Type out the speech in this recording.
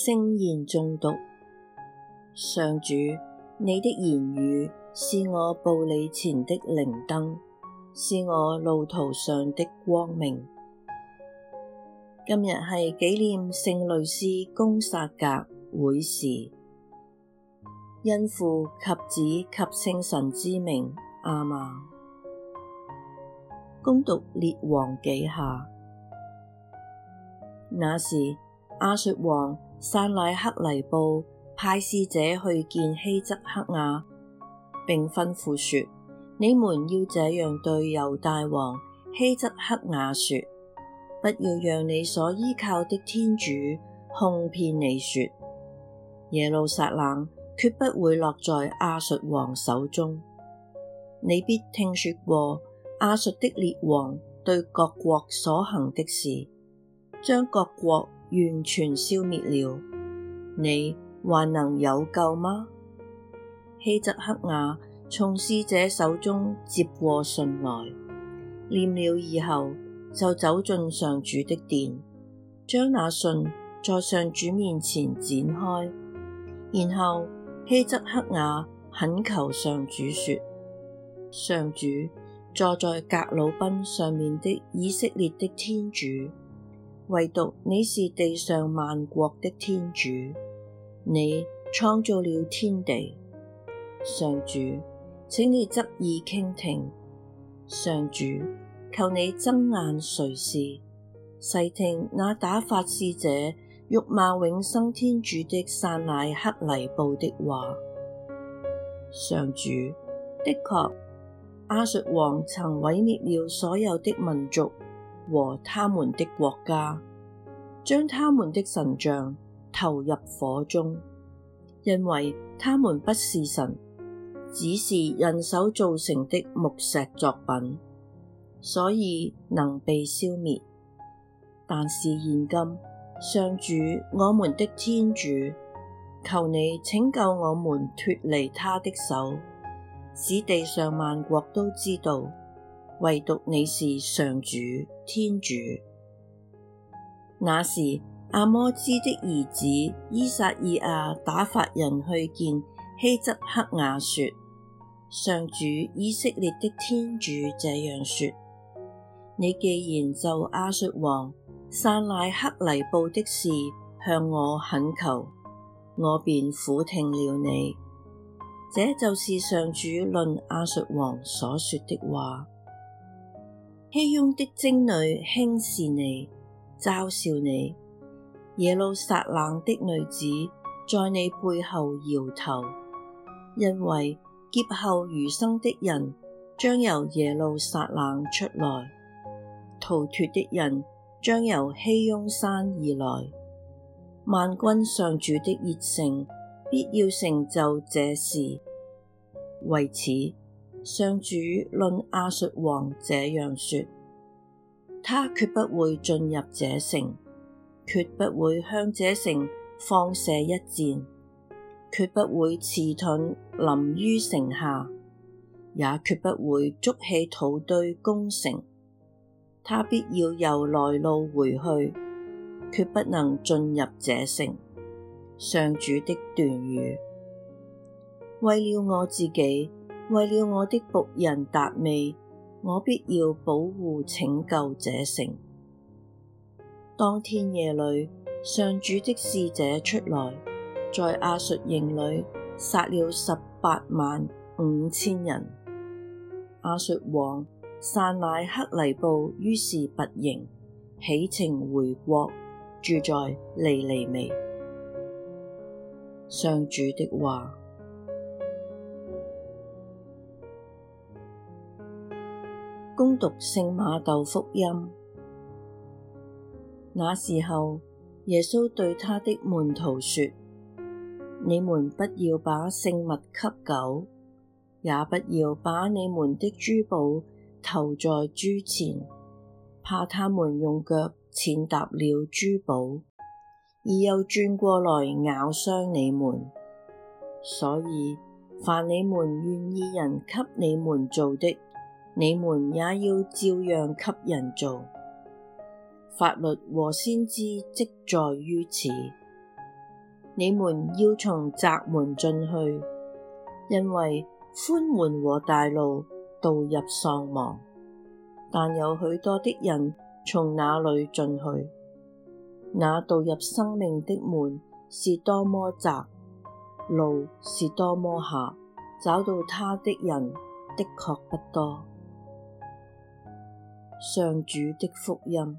聖言誦讀，上主，你的言語是我步履前的靈燈，是我路途上的光明。今日係紀念聖類思公撒格會士，因父及子及聖神之名，阿瑪。恭讀列王紀下，那時亞述王。撒乃克尼布派使者去見希則克雅，並吩咐說：你們要這樣對猶大王希則克雅說：不要讓你所依靠的天主哄騙你說，耶路撒冷絕不會落在阿述王手中。你必聽說過阿述的列王對各國所行的事，將各國。完全消滅了，你還能有救嗎？希則克雅從使者手中接過信來，念了以後就走進上主的殿，將那信在上主面前展開，然後希則克雅懇求上主說：上主坐在革魯賓上面的以色列的天主。唯獨你是地上萬國的天主，你創造了天地。上主，請你側耳傾聽，上主，求你睜眼垂視，細聽那打發使者辱罵永生天主的散乃黑黎布的話。上主，的確，亞述王曾毀滅了所有的民族。和他們的國家，將他們的神像投入火中，因為他們不是神，只是人手造成的木石作品，所以能被消滅。但是現今，上主我們的天主，求你拯救我們脫離他的手，使地上萬國都知道。唯獨你是上主天主。那時，阿摩茲的兒子依撒意亞打發人去見希則克雅說：上主以色列的天主這樣說：你既然就亞述王散乃黑黎布的事向我懇求，我便俯聽了你。這就是上主論亞述王所說的話。熙雍的貞女輕視你，嘲笑你；耶路撒冷的女子在你背後搖頭，因為劫後餘生的人將由耶路撒冷出來，逃脫的人將由熙雍山而來。萬軍上主的熱誠，必要成就這事，為此。上主論亞述王這樣說：他絕不會進入這城，絕不會向這城放射一箭，絕不會持盾臨於城下，也絕不會築起土堆攻城。他必要由來路回去，絕不能進入這城。上主的斷語：為了我自己。為了我的僕人達味，我必要保護拯救這城。當天夜裏，上主的使者出來，在亞述營裏殺了十八萬五千人。亞述王散乃黑黎布於是拔營起程回國，住在尼尼微。上主的話。恭讀聖瑪竇福音，那時候耶穌對他的門徒說：你們不要把聖物給狗，也不要把你們的珠寶投在豬前，怕他們用腳踐踏了珠寶，而又轉過來咬傷你們。所以，凡你們願意人給你們做的，你們也要照樣給人做，法律和先知即在於此。你們要從窄門進去，因為寬門和大路導入喪亡，但有許多的人從那裡進去。那導入生命的門是多麼窄，路是多麼狹，找到它的人的確不多。上主的福音。